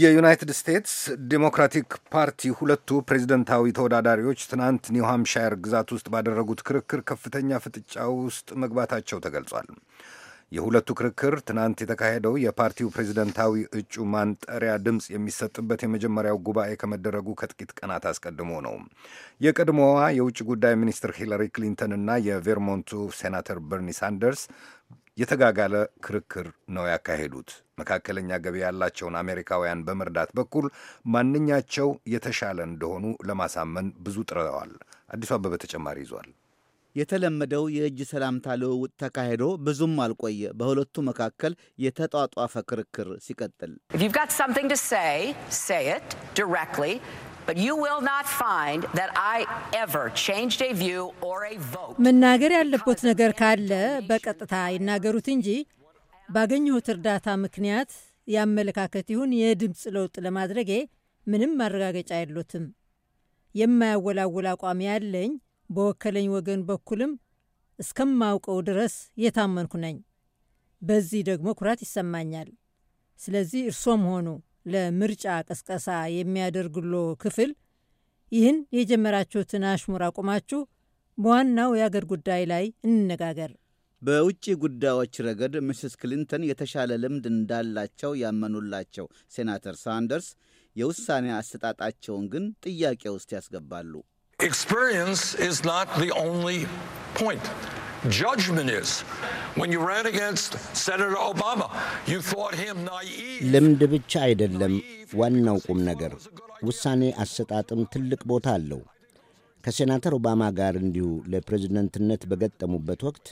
የዩናይትድ ስቴትስ ዲሞክራቲክ ፓርቲ ሁለቱ ፕሬዝደንታዊ ተወዳዳሪዎች ትናንት ኒው ግዛት ውስጥ ባደረጉት ክርክር ከፍተኛ ፍጥጫ ውስጥ መግባታቸው ተገልጿል። የሁለቱ ክርክር ትናንት የተካሄደው የፓርቲው ፕሬዝደንታዊ እጩ ማንጠሪያ ድምፅ የሚሰጥበት የመጀመሪያው ጉባኤ ከመደረጉ ከጥቂት ቀናት አስቀድሞ ነው። የቀድሞዋ የውጭ ጉዳይ ሚኒስትር ሂለሪ ክሊንተን እና የቬርሞንቱ ሴናተር በርኒ ሳንደርስ የተጋጋለ ክርክር ነው ያካሄዱት። መካከለኛ ገቢ ያላቸውን አሜሪካውያን በመርዳት በኩል ማንኛቸው የተሻለ እንደሆኑ ለማሳመን ብዙ ጥረዋል። አዲሱ አበበ ተጨማሪ ይዟል። የተለመደው የእጅ ሰላምታ ልውውጥ ተካሂዶ ብዙም አልቆየ። በሁለቱ መካከል የተጧጧፈ ክርክር ሲቀጥል መናገር ያለበት ነገር ካለ በቀጥታ ይናገሩት እንጂ ባገኘሁት እርዳታ ምክንያት የአመለካከት ይሁን የድምፅ ለውጥ ለማድረጌ ምንም ማረጋገጫ የሎትም። የማያወላውል አቋም ያለኝ በወከለኝ ወገን በኩልም እስከማውቀው ድረስ የታመንኩ ነኝ። በዚህ ደግሞ ኩራት ይሰማኛል። ስለዚህ እርሶም ሆኑ ለምርጫ ቀስቀሳ የሚያደርግሎ ክፍል ይህን የጀመራችሁትን አሽሙር አቁማችሁ በዋናው የአገር ጉዳይ ላይ እንነጋገር። በውጭ ጉዳዮች ረገድ ምስስ ክሊንተን የተሻለ ልምድ እንዳላቸው ያመኑላቸው ሴናተር ሳንደርስ የውሳኔ አሰጣጣቸውን ግን ጥያቄ ውስጥ ያስገባሉ። ኤክስፒሪየንስ ኢዝ ናት ዘ ኦንሊ ፖይንት ልምድ ብቻ አይደለም። ዋናው ቁም ነገር ውሳኔ አሰጣጥም ትልቅ ቦታ አለው። ከሴናተር ኦባማ ጋር እንዲሁ ለፕሬዝደንትነት በገጠሙበት ወቅት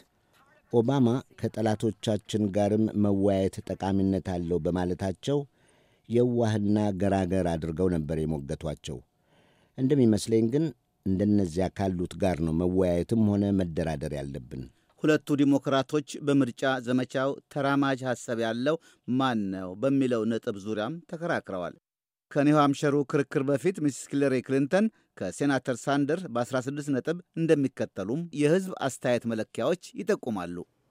ኦባማ ከጠላቶቻችን ጋርም መወያየት ጠቃሚነት አለው በማለታቸው የዋህና ገራገር አድርገው ነበር የሞገቷቸው። እንደሚመስለኝ ግን እንደነዚያ ካሉት ጋር ነው መወያየትም ሆነ መደራደር ያለብን። ሁለቱ ዲሞክራቶች በምርጫ ዘመቻው ተራማጅ ሐሳብ ያለው ማን ነው በሚለው ነጥብ ዙሪያም ተከራክረዋል። ከኒው አምሸሩ ክርክር በፊት ሚስስ ሂለሪ ክሊንተን ከሴናተር ሳንደር በ16 ነጥብ እንደሚከተሉም የሕዝብ አስተያየት መለኪያዎች ይጠቁማሉ።